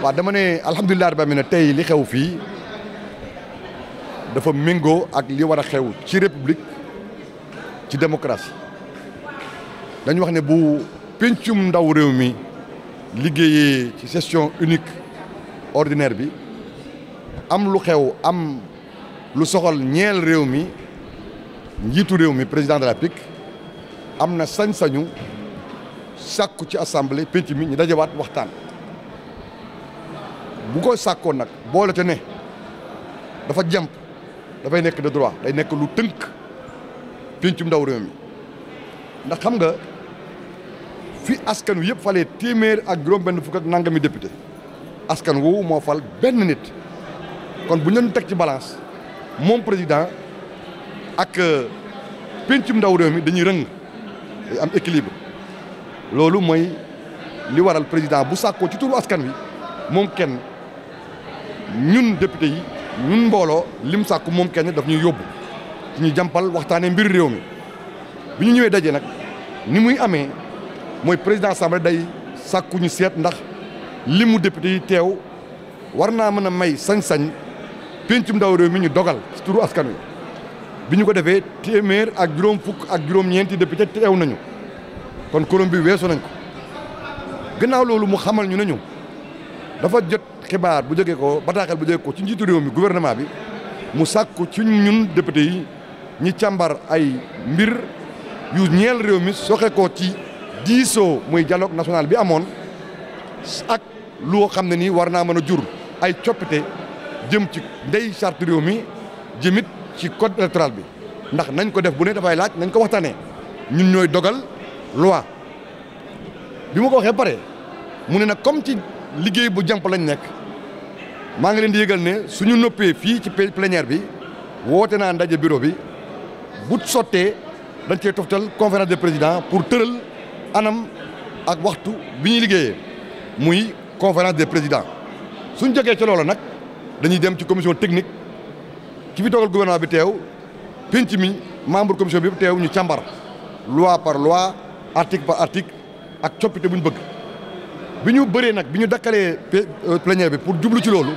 waaw dama ne alhamdulilah rabbi ne tey li xew fii dafa méngoo ak li war a xew ci république ci démocratie dañu wax ne bu pencum ndaw réew mi liggéeyee ci session unique ordinaire bi am lu xew am lu soxal ñeel réew mi njiitu réew mi président de la République am na sañ-sañu sàkku ci assemblée pénc mi ñu dajawaat waxtaan bu ko sàkkoon nag boole te ne dafa jàmp dafay nekk de droit day nekk lu tënk péncum ndaw réew mi ndax xam nga fi askan wi yëpp falee téeméer ak juróom-benn fukk ak nangami député askan woowu moo fal benn nit kon bu ñu teg ci balance moom président ak euh, péncum ndaw réew mi dañuy rëng. day am équilibre loolu mooy li waral président bu sàkkoo ci turu askan wi moom kenn ñun député yi ñun mbooloo mu sàkku moom kenn daf ñuy yóbbu ci ñu jàmpal waxtaanee mbir réew mi bi ñu ñëwee daje nag ni muy amee mooy président assemblée day sàkku ñu seet ndax limu député yi teew war naa mën a may sañ-sañ pencum ndaw réew mi ñu dogal ci turu askan wi. bi ñu ko defee téeméer ak juróom fukk ak juróom-ñeenti député teew nañu kon quorum bi weesu nañ ko gannaaw loolu mu xamal ñu ne ñu dafa jot xibaar bu jógee ko bataaxal bu jógee ko ci njiitu réew mi gouvernement bi mu sàkku ci ñun député ñi càmbar ay mbir yu ñeel réew mi soxe ko ci diisoo muy dialogue national bi amoon ak loo xam ne nii war naa mën a jur ay coppite jëm ci ndey charte mi jëmit ci code électoral bi ndax nañ ko def bu ne dafay laaj nañ ko waxtaanee ñun ñooy dogal loi bi ma ko waxee pare mu ne nag comme ci liggéey bu jàmp lañ nekk maa ngi leen di yëgal ne suñu noppee fii ci plénière bi woote naa ndaje bureau bi bu sottee dañ cee toftal conférence des présidents pour tëral anam ak waxtu bi ñuy liggéeyee muy conférence des présidents suñ jógee ci loolu nag dañuy dem ci commission technique. ki fi toogal bi teew penc mi membre commission bi yëpp teew ñu càmbar loi par loi article par ak coppite bu ñu bëgg bi ñu bëree nag bi ñu dakkalee euh, plénière bi pour jublu ci loolu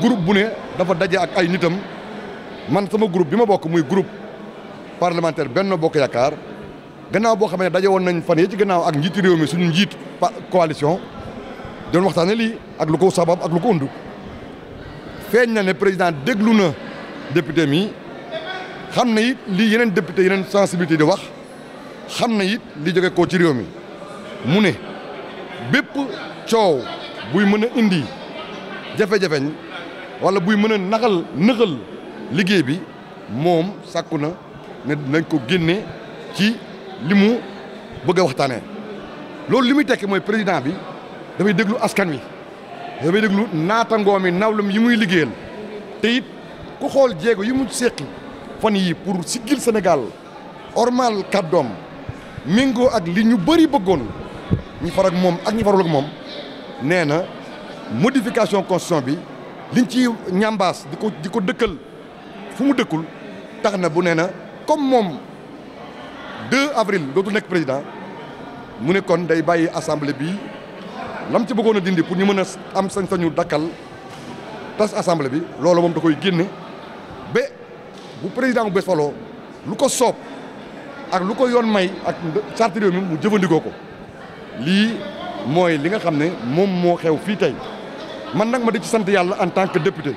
groupe bu ne dafa daje ak ay nitam man sama groupe bi ma bokk muy groupe parlementaire Benno Bokk Yaakaar gannaaw boo xamee ne daje woon nañ fan yee ci gannaaw ak njiitu réew mi suñu njiit coalition doon waxtaane lii ak lu ko ak lu ko undu feeñ na ne président déglu na député mi xam na it li yeneen député yeneen sensibilité di wax xam na yit li jóge ko ci réew mi mu ne bépp coow buy mën a indi jafe-jafeñ wala buy mën a naxal nëxal liggéey bi moom sàkku na ne nañ ko génne ci li mu bëgg a waxtaane loolu li muy tekki mooy président bi dafay déglu askan wi dafay déglu naatangoom yi nawlam yi muy liggéeyal te ku xool jéego yi mu séqi fan yi pour siggil Sénégal ormal kàddoom méngoo ak li ñu bëri bëggoon ñi far moom ak ñi farul moom nee na modification constitution bi liñ ci ñambaas di ko di ko dëkkal fu mu dëkkul tax na bu nee na comme moom 2 avril dootul nekk président mu ne kon day bàyyi assemblée bi lam ci bëggoon a dindi pour ñu mën a am sañ-sañu dakkal tas assemblée bi loolu moom da koy génne bu président bu bés lu ko soob ak lu ko yoon may ak charte mi mu jëfandikoo ko lii mooy li nga xam ne moom moo xew fii tey man nag ma di ci sant yàlla en tant que député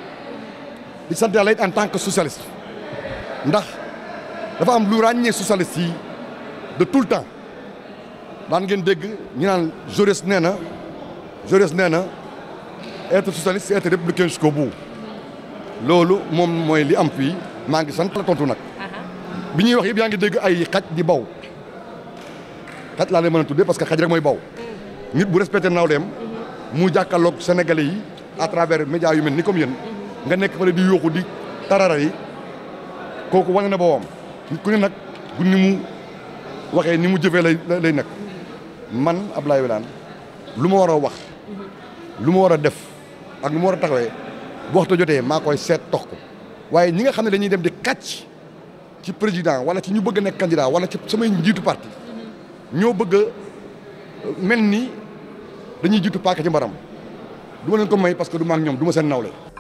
di sant yàlla it en tant que socialiste ndax dafa am lu ràññee socialiste yi de tout le temps daan ngeen dégg ñu naan Jaurès nee na Jaurès nee na être socialiste c'est être républicain jusqu'au bout loolu moom mooy li am fii maa ngi sant la tontu nag. bi ñuy wax yëpp yaa ngi dégg ay xaj di baw xaj laa leen mën a parce que xaj rek mooy baw. nit bu respecté nawleem mu jàkkaarloog sénégalais yi à travers média yu mel ni comme yéen nga nekk fa di yooxu di tarara yi kooku wane na boobam nit ku ne nag bu ni mu waxee ni mu jëfee lay lay nekk man Abdoulaye Wilane lu ma war a wax lu ma war a def ak nu ma war a taxawee bu waxtu jotee maa koy seet tox ko waaye ñi nga xam ne dañuy dem di kàcc ci président wala ci ñu bëgg a nekk candidat wala ci samay njiitu parti ñoo bëgg a mel nii dañuy jiitu paaka ci mbaram du ma leen ko may parce que du ma ak ñoom du ma seen nawle